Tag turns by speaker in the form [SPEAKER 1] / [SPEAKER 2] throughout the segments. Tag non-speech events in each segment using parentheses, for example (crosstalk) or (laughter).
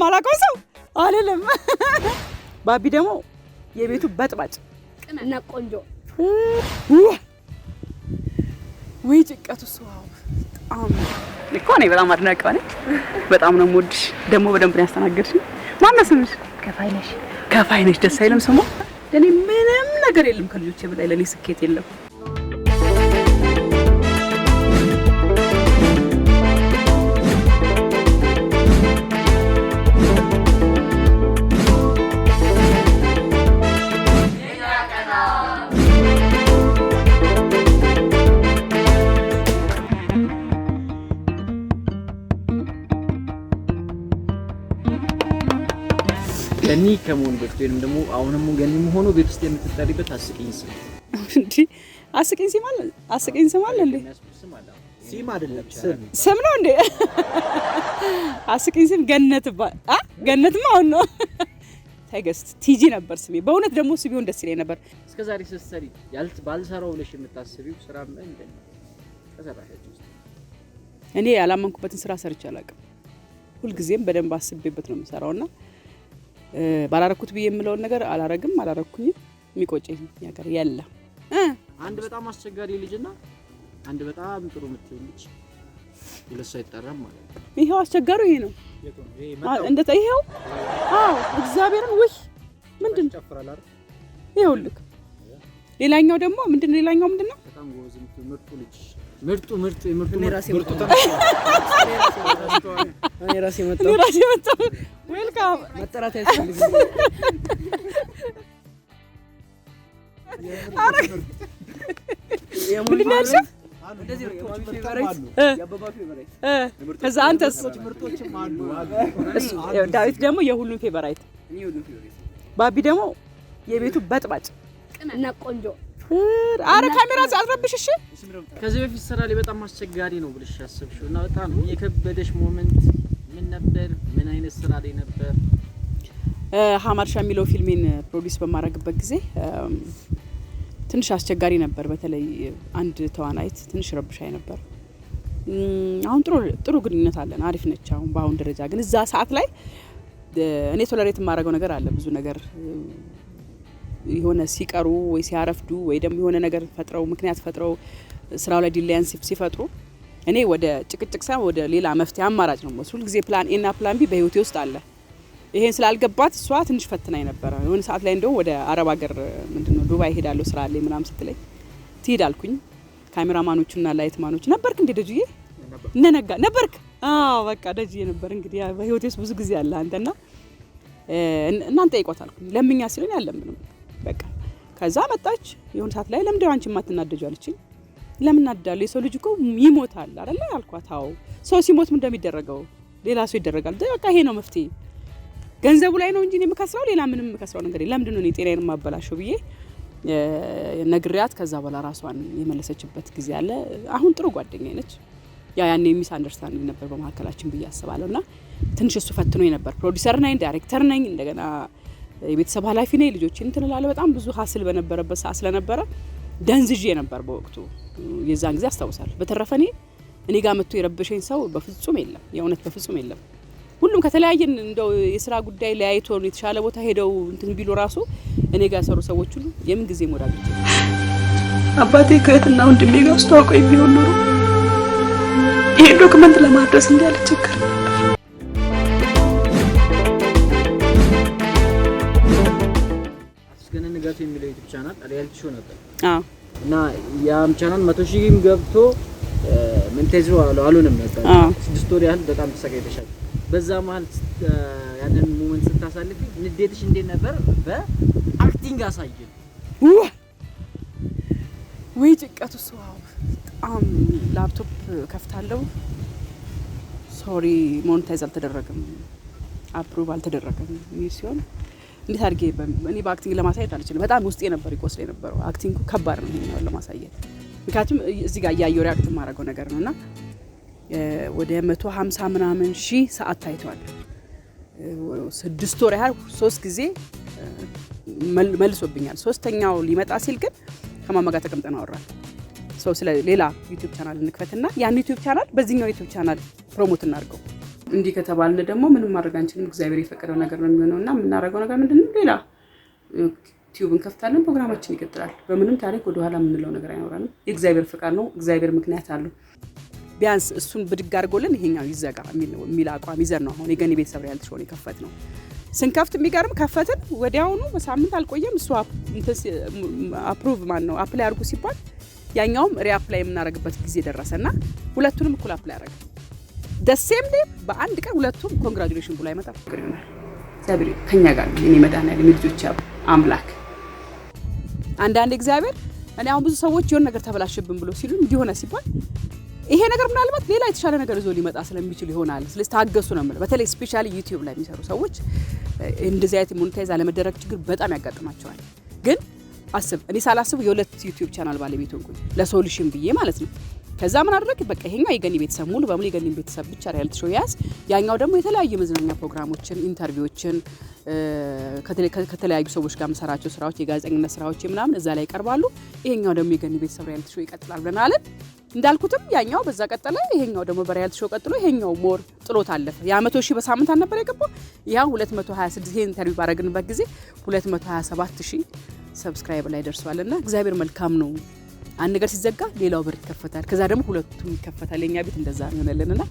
[SPEAKER 1] ለማላውቀው ሰው አልልም። (laughs) ባቢ ደግሞ የቤቱ በጥባጭ እና ቆንጆ ወይ ጭቀቱ ሰው በጣም እኮ እኔ በጣም አድናቂዋ ነኝ። በጣም ነው የምወድሽ። ደግሞ በደንብ ነው ያስተናገድሽኝ። ማነው ስምሽ? ከፋይነሽ። ነሽ። ደስ አይልም ስሟ። ለእኔ ምንም ነገር የለም ከልጆቼ በላይ ለእኔ ስኬት የለም።
[SPEAKER 2] ገኒ ከመሆኑ በፊት ወይም ደግሞ አሁንም ገኒ መሆኑ ቤት ውስጥ የምትጠሪበት አስቂኝ ስም
[SPEAKER 1] እንዴ? አስቂኝ ስም አለ፣ አስቂኝ ስም
[SPEAKER 2] አለ እንዴ? ስም አይደለም
[SPEAKER 1] ስም ነው እንዴ? አስቂኝ ስም ገነት ባ አ ገነትማ አሁን ነው ታይገስት ቲጂ ነበር ስሜ። በእውነት ደግሞ እሱ ቢሆን ደስ ይለኝ
[SPEAKER 2] ነበር። እስከ ዛሬ ስትሰሪ ያልት ባልሰራው ብለሽ የምታስቢው ስራ ምን እንደሆነ
[SPEAKER 1] እኔ ያላመንኩበትን ስራ ሰርቼ አላውቅም። ሁልጊዜም በደንብ አስቤበት ነው የምሰራው የምሰራውና ባላረኩት ብዬ የምለውን ነገር አላረግም፣ አላረኩኝም። የሚቆጭ ነገር
[SPEAKER 2] የለም። አንድ በጣም አስቸጋሪ ልጅና አንድ በጣም ጥሩ የምትሆን ልጅ ሁለት
[SPEAKER 1] አይጠራም ማለት ነው። ይሄው አስቸጋሪው ይሄ ነው እንደ ይሄው። እግዚአብሔርን ውይ ምንድን ነው ይኸውልህ። ሌላኛው ደግሞ ምንድን ሌላኛው ምንድን ነው በጣም ጎበዝ ምርጡ ልጅ
[SPEAKER 2] ምርጡ ምርጡ ምርጡ እኔ ራሴ
[SPEAKER 1] እኔ ራሴ መጣሁ ዌልካም መጠራት ከዛ አንተስ? ዳዊት ደግሞ የሁሉም ፌቨራይት፣ ባቢ ደግሞ የቤቱ በጥባጭ እና ቆንጆ አረ ካሜራ አልረብሽ።
[SPEAKER 2] እሺ ከዚህ በፊት ስራ ላይ በጣም አስቸጋሪ ነው ብለሽ ያሰብሽው እና በጣም የከበደሽ ሞመንት ምን ነበር? ምን አይነት ስራ ላይ ነበር?
[SPEAKER 1] ሀማርሻ የሚለው ፊልሜን ፕሮዲስ በማድረግበት ጊዜ ትንሽ አስቸጋሪ ነበር። በተለይ አንድ ተዋናይት ትንሽ ረብሻይ ነበር። አሁን ጥሩ ጥሩ ግንኙነት አለን፣ አሪፍ ነች አሁን በአሁን ደረጃ። ግን እዛ ሰዓት ላይ እኔ ቶለሬት የማደርገው ነገር አለ ብዙ ነገር የሆነ ሲቀሩ ወይ ሲያረፍዱ ወይ ደግሞ የሆነ ነገር ፈጥረው ምክንያት ፈጥረው ስራው ላይ ዲላያንስ ሲፈጥሩ እኔ ወደ ጭቅጭቅ ሳይሆን ወደ ሌላ መፍትሄ አማራጭ ነው ሁል ጊዜ ፕላን ኤና ፕላን ቢ በህይወቴ ውስጥ አለ። ይሄን ስላልገባት እሷ ትንሽ ፈትና ነበረ። የሆነ ሰዓት ላይ እንደውም ወደ አረብ ሀገር ምንድነው ዱባይ ሄዳለሁ ስራ አለኝ ምናም ስትለኝ ትሄድ አልኩኝ። ካሜራማኖቹና ላይትማኖች ነበርክ እንዴ ደጅዬ እነነጋ ነበርክ? አዎ በቃ ደጅዬ ነበር። እንግዲህ በህይወቴ ውስጥ ብዙ ጊዜ አለ አንተና እናንተ ይቆታልኩኝ ለምኛ ሲሉኝ አለምንም ከዛ መጣች የሆነ ሰዓት ላይ ለምንድነው አንቺ የማትናደጁ አለችኝ። ለምን እናደዳለሁ? የሰው ልጅ እኮ ይሞታል አይደለ አልኳት። አዎ ሰው ሲሞት ምን እንደሚደረገው ሌላ ሰው ይደረጋል። በቃ ይሄ ነው መፍትሄ። ገንዘቡ ላይ ነው እንጂ እኔ የምከስረው ሌላ ምንም የምከስረው ነገር የለም። ለምንድን ነው እኔ ጤናዬን የማበላሸው ብዬ ነግሪያት ከዛ በኋላ ራሷን የመለሰችበት ጊዜ አለ። አሁን ጥሩ ጓደኛ ነች። ያ ያኔ ሚስ አንደርስታንድ ነበር በመካከላችን ብዬ አስባለሁ። እና ትንሽ እሱ ፈትኖ ነበር። ፕሮዲሰር ነኝ፣ ዳይሬክተር ነኝ እንደገና የቤተሰብ ኃላፊ ነኝ ልጆች እንትን እላለሁ። በጣም ብዙ ሀስል በነበረበት ሰዓት ስለነበረ ደንዝዤ ነበር በወቅቱ የዛን ጊዜ አስታውሳለሁ። በተረፈ እኔ እኔ ጋር መጥቶ የረበሸኝ ሰው በፍጹም የለም፣ የእውነት በፍጹም የለም። ሁሉም ከተለያየን እንደው የስራ ጉዳይ ለያይቶ የተሻለ ቦታ ሄደው እንትን ቢሉ ራሱ እኔ ጋር የሰሩ ሰዎች ሁሉ የምን ጊዜም ወዳጆች። አባቴ ከእህትና ወንድሜ ጋር ውስጥ ታውቀው የሚሆን ኖሮ ይሄ ዶክመንት ለማድረስ ነው።
[SPEAKER 2] ቻናል ሪያሊቲ ሾው ነበር እና ያም ቻናል መቶ ሺህም ገብቶ ምንቴዙ አሉንም ነበር ስድስት ወር ያህል በጣም ተሰቃይተሻል። በዛ መሀል ያንን ሞመንት ስታሳልፊ ንዴትሽ እንዴት ነበር? በአክቲንግ አሳየን።
[SPEAKER 1] ወይ ጭቀቱ ሰው በጣም ላፕቶፕ ከፍታለሁ። ሶሪ ሞኔታይዝ አልተደረገም፣ አፕሩቭ አልተደረገም ሲሆን እንዴት አድርጌ እኔ በአክቲንግ ለማሳየት አልችልም። በጣም ውስጤ ነበር ይቆስል የነበረው። አክቲንግ ከባድ ነው ይሄኛውን ለማሳየት፣ ምክንያቱም እዚህ ጋር እያየሁ ሪያክት የማደርገው ነገር ነው እና ወደ መቶ ሀምሳ ምናምን ሺህ ሰዓት ታይተዋል። ስድስት ወር ያህል ሶስት ጊዜ መልሶብኛል። ሶስተኛው ሊመጣ ሲል ግን ከማማ ጋር ተቀምጠን አወራል። ሰው ስለ ሌላ ቻናል እንክፈትና ያን ዩቱብ ቻናል በዚህኛው ዩቱብ ቻናል ፕሮሞት እናድርገው እንዲህ ከተባልን ደግሞ ምንም ማድረግ አንችልም። እግዚአብሔር የፈቀደው ነገር ነው የሚሆነው እና የምናደርገው ነገር ምንድን ነው? ሌላ ቲዩብ እንከፍታለን፣ ፕሮግራማችን ይቀጥላል። በምንም ታሪክ ወደኋላ የምንለው ነገር አይኖረንም። የእግዚአብሔር ፈቃድ ነው። እግዚአብሔር ምክንያት አለው። ቢያንስ እሱን ብድግ አድርጎልን ይሄኛው ይዘጋ የሚል አቋም ይዘን ነው አሁን የገኒ ቤተሰብ ሪያልት ሲሆን የከፈት ነው። ስንከፍት የሚገርም ከፈትን ወዲያውኑ በሳምንት አልቆየም። እሱ አፕሩቭ ማን ነው አፕላይ አድርጉ ሲባል ያኛውም ሪአፕላይ የምናደርግበት ጊዜ ደረሰ እና ሁለቱንም እኩል አፕላይ አደረግ ደሴም ዴ በአንድ ቀን ሁለቱም ኮንግራጁሌሽን ብሎ አይመጣም። ፍቅር ይሆናል። እግዚአብሔር ከኛ ጋር ነው እኔ የሚመጣና ልጆች አምላክ አንዳንድ እግዚአብሔር እኔ አሁን ብዙ ሰዎች የሆነ ነገር ተበላሽብን ብሎ ሲሉ እንዲሆነ ሲባል ይሄ ነገር ምናልባት ሌላ የተሻለ ነገር ይዞ ሊመጣ ስለሚችል ይሆናል። ስለዚህ ታገሱ ነው የምለው። በተለይ ስፔሻሊ ዩቲዩብ ላይ የሚሰሩ ሰዎች እንደዚህ አይነት ሞኔታይዝ አለመደረግ ችግር በጣም ያጋጥማቸዋል። ግን አስብ እኔ ሳላስቡ የሁለት ዩቲዩብ ቻናል ባለቤት ሆንኩኝ ለሶሉሽን ብዬ ማለት ነው ከዛ ምን አደረግ በቃ ይሄኛው የገኒ ቤተሰብ ሙሉ በሙሉ የገኒ ቤተሰብ ብቻ ሪያልቲ ሾው ያዝ፣ ያኛው ደግሞ የተለያዩ መዝናኛ ፕሮግራሞችን፣ ኢንተርቪዎችን ከተለያዩ ሰዎች ጋር የምሰራቸው ስራዎች፣ የጋዜጠኝነት ስራዎች ምናምን እዛ ላይ ይቀርባሉ። ይሄኛው ደግሞ የገኒ ቤተሰብ ሪያልቲ ሾው ይቀጥላል ብለን እንዳልኩትም ያኛው በዛ ቀጠለ፣ ይሄኛው ደግሞ በሪያልቲ ሾው ቀጥሎ፣ ይሄኛው ሞር ጥሎት አለፈ። ያ መቶ ሺህ በሳምንት አልነበረ የገባው ያ 226 ይሄ ኢንተርቪው ባረግንበት ጊዜ 227 ሺህ ሰብስክራይብ ላይ ደርሷልና እግዚአብሔር መልካም ነው። አንድ ነገር ሲዘጋ ሌላው በር ይከፈታል፣ ከዛ ደግሞ ሁለቱም ይከፈታል። የኛ ቤት እንደዛ ነው የሆነልንና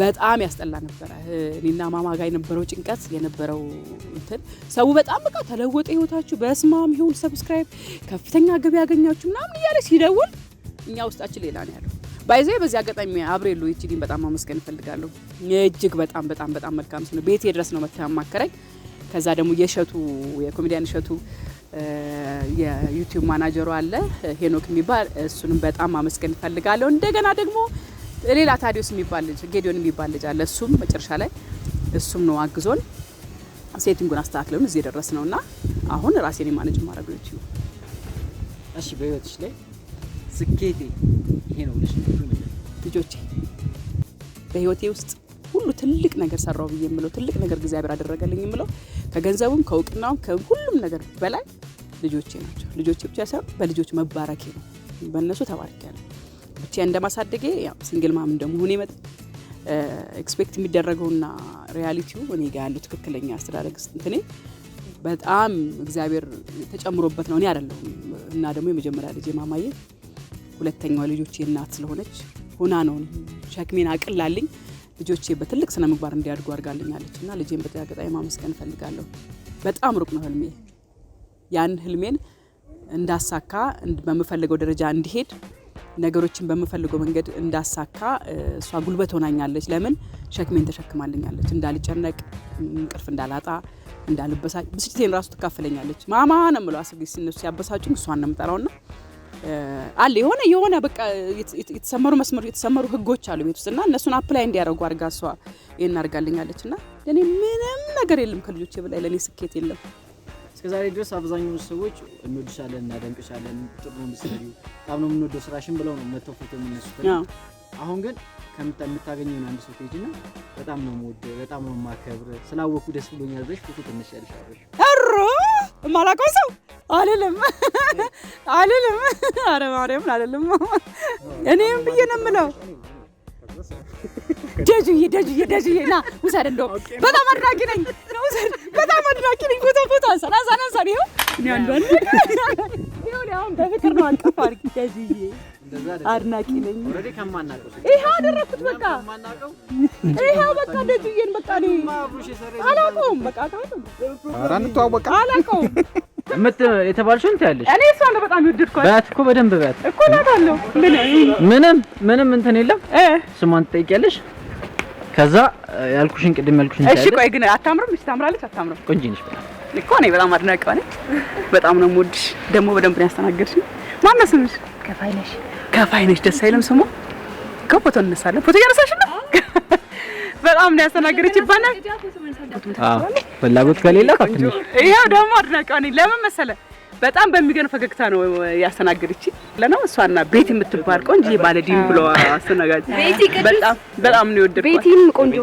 [SPEAKER 1] በጣም ያስጠላ ነበረ። እኔና ማማ ጋር የነበረው ጭንቀት የነበረው እንትን ሰው በጣም በቃ ተለወጠ ህይወታችሁ፣ በስማም ይሁን ሰብስክራይብ፣ ከፍተኛ ገቢ ያገኛችሁ ምናምን እያለ ሲደውል እኛ ውስጣችን ሌላ ነው ያለው። ባይዘይ በዚህ አጋጣሚ አብሬሉ ይችዲን በጣም ማመስገን እፈልጋለሁ። እጅግ በጣም በጣም በጣም መልካም ነው። ቤቴ ድረስ ነው መተማከረኝ። ከዛ ደግሞ የሸቱ የኮሜዲያን እሸቱ የዩቲዩብ ማናጀሩ አለ ሄኖክ የሚባል እሱንም በጣም ማመስገን እፈልጋለሁ። እንደገና ደግሞ ሌላ ታዲዮስ የሚባል ልጅ ጌዲዮን የሚባል ልጅ አለ። እሱም መጨረሻ ላይ እሱም ነው አግዞን ሴቲንጉን አስተካክለውን እዚህ የደረስ ነው እና አሁን ራሴን ማኔጅ ማድረግ ነው ዩቲዩብ።
[SPEAKER 2] እሺ በህይወትሽ ላይ ስኬቴ ይሄ ነው ብለሽ
[SPEAKER 1] ልጆቼ በህይወቴ ውስጥ ሁሉ ትልቅ ነገር ሰራው ብዬ የምለው ትልቅ ነገር እግዚአብሔር አደረገልኝ የምለው ከገንዘቡም ከእውቅናውም ከሁሉም ነገር በላይ ልጆቼ ናቸው። ልጆቼ ብቻ ሳይሆን በልጆች መባረኬ ነው። በእነሱ ተባርኪያለሁ። ብቻ እንደማሳደጌ ሲንግል ማም እንደመሆን መጠን ኤክስፔክት የሚደረገውና ሪያሊቲው እኔ ጋ ያለው ትክክለኛ አስተዳደግ እንትኔ በጣም እግዚአብሔር ተጨምሮበት ነው። እኔ አይደለሁም እና ደግሞ የመጀመሪያ ልጅ ማማዬ፣ ሁለተኛው ልጆቼ እናት ስለሆነች ሆና ነው ሸክሜን አቅላልኝ ልጆቼ በትልቅ ስነ ምግባር እንዲያድጉ አድርጋልኛለች እና ልጄን በተጋጣሚ ማመስገን እፈልጋለሁ። በጣም ሩቅ ነው ህልሜ። ያን ህልሜን እንዳሳካ በምፈልገው ደረጃ እንዲሄድ ነገሮችን በምፈልገው መንገድ እንዳሳካ እሷ ጉልበት ሆናኛለች። ለምን ሸክሜን ተሸክማልኛለች። እንዳልጨነቅ፣ እንቅልፍ እንዳላጣ፣ እንዳልበሳ ብስጭቴን ራሱ ትካፍለኛለች። ማማ ነው የምለው አስር ጊዜ ሲነሱ ሲያበሳጩኝ እሷን ነው ና አለ የሆነ የሆነ በቃ የተሰመሩ መስመሩ የተሰመሩ ህጎች አሉ ቤት ውስጥ እና እነሱን አፕላይ እንዲያደርጉ አድርጋ እሷ ይህን አድርጋልኛለች። እና ለእኔ ምንም ነገር የለም ከልጆች በላይ ለእኔ ስኬት የለም።
[SPEAKER 2] እስከዛሬ ድረስ አብዛኛውን ሰዎች እንወድሻለን፣ እናደንቅሻለን፣ ጥሩ ነው የምትሰሪው፣ በጣም ነው የምንወደው ስራሽን ብለው ነው መተው ፎቶ የምነሱት። አሁን ግን ከምታገኘውን አንድ ሰው ቴጅ በጣም ነው የምወደው፣ በጣም ነው የማከብር፣ ስላወኩ ደስ ብሎኛል ብለሽ ፎቶ
[SPEAKER 1] ትነሻለሽ። ሩ የማላውቀው ሰው አልልም አልልም፣ ኧረ ማርያምን አልልም። እኔም ብዬ ነው የምለው ደጁዬ ደጁዬ ደጁዬ ና ውሰድ። እንደውም በጣም አድናቂ ነኝ፣ በጣም አድናቂ ነኝ። ፎቶ ፎቶ አንሳን አንሳን አንሳን። ይኸው እኔ አንዱ ይኸው አሁን በፍቅር ነው አቀፍ አድርጊ። ደጁዬ
[SPEAKER 2] አድናቂ ነኝ።
[SPEAKER 1] ይኸው አደረኩት። በቃ ይኸው በቃ ደጁዬን በቃ እኔ አላውቀውም። በቃ
[SPEAKER 2] ኧረ እንተዋወቅ አላውቀውም ምት የተባልሽው እንትን ያለሽ እኔ እሷ ነው በጣም ይወደድኳት። በያት እኮ በደንብ በያት እኮ
[SPEAKER 1] ናት አለው። ምንም ምንም
[SPEAKER 2] ምንም እንትን የለም። ስሟን ትጠይቂያለሽ ከዛ
[SPEAKER 1] ያልኩሽን ቅድም ያልኩሽን እሺ። ቆይ ግን አታምርም? እሺ፣ ታምራለች። አታምርም? ቆንጆ ነሽ በጣም እኮ። እኔ በጣም አድናቂ ነኝ። በጣም ነው የምወድሽ። ደግሞ በደንብ ነው ያስተናገድሽኝ። ማነው ስምሽ? ከፋይ ነሽ። ከፋይ ነሽ። ደስ አይልም ስሙ። ከፎቶ እንነሳለን። ፎቶ እያነሳሽ ነው። በጣም ነው ያስተናገደች ይባላል።
[SPEAKER 2] አዎ፣ ፍላጎት
[SPEAKER 1] ከሌለ ይኸው ደግሞ አድናቂ ነኝ። ለምን መሰለህ በጣም በሚገርም ፈገግታ ነው ያስተናገደች። ለነው እሷና ቤት የምትባል ቆንጆ ባለዲም ብሎ አስተናጋጅ በጣም በጣም ነው የወደድኩት። ቤቲም ቆንጆ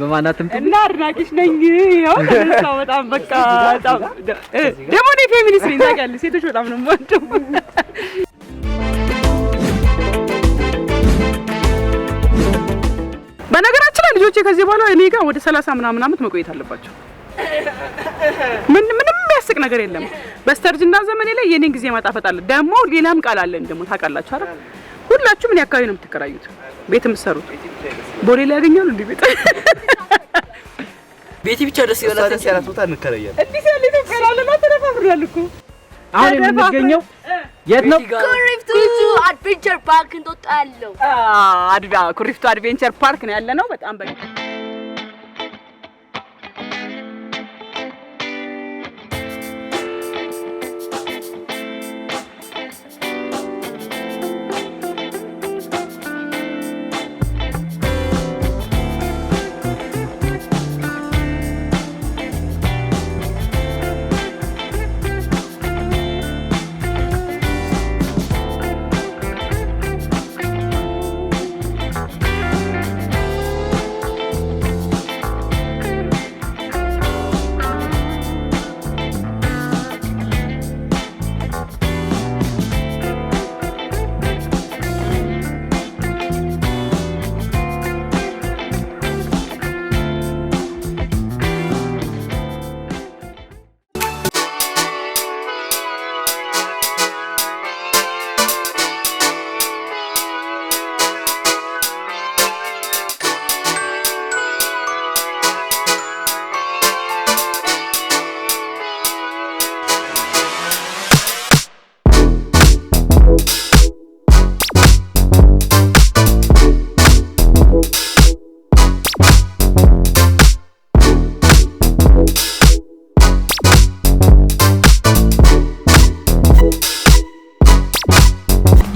[SPEAKER 2] በማናትም እና አድናቂሽ
[SPEAKER 1] ነኝ። ያው ከነሳ በጣም በቃ በጣም ደግሞ እኔ ፌሚኒስት ነኝ ታውቂያለሽ። ሴቶች በጣም ነው የምወደው። በነገራችን ላይ ልጆቼ ከዚህ በኋላ እኔ ጋር ወደ ሰላሳ ምናምን አመት መቆየት አለባቸው። ምን ምንም የሚያስቅ ነገር የለም። በስተርጅና ዘመኔ ላይ የኔን ጊዜ ማጣፈጣለ ደግሞ ሌላም ቃል አለን ደግሞ ታውቃላችሁ አይደል? ሁላችሁ ምን አካባቢ ነው የምትከራዩት? ቤት የምትሰሩት ቦሌ ላይ ያገኛሉ እንዴ? ቤት
[SPEAKER 2] ቤት ብቻ ደስ ይላል። ታዲያ ሲያራት ቦታ እንከራያለን።
[SPEAKER 1] አዲስ ያለ ኢትዮጵያ ላለማ ተደፋፍሬያለሁ እኮ አሁን የምንገኘው የት ነው? ኩሪፍቱ አድቬንቸር ፓርክ እንጦጣ ያለው። አድቬንቸር ፓርክ ነው ያለ ነው። በጣም በቃ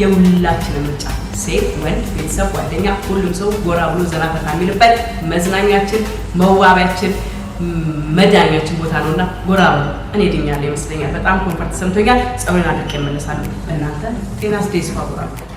[SPEAKER 1] የሁላችን ምርጫ ሴት፣ ወንድ፣ ቤተሰብ፣ ጓደኛ፣ ሁሉም ሰው ጎራ ብሎ ዘና ፈታ የሚልበት መዝናኛችን፣ መዋቢያችን፣ መዳኛችን ቦታ ነው እና ጎራ ብሎ እኔ ድኛለሁ ይመስለኛል። በጣም ኮንፈርት ሰምቶኛል። ጸሎን አድርጌ እመለሳለሁ። እናንተ ጤና ስደስፋ ጎራ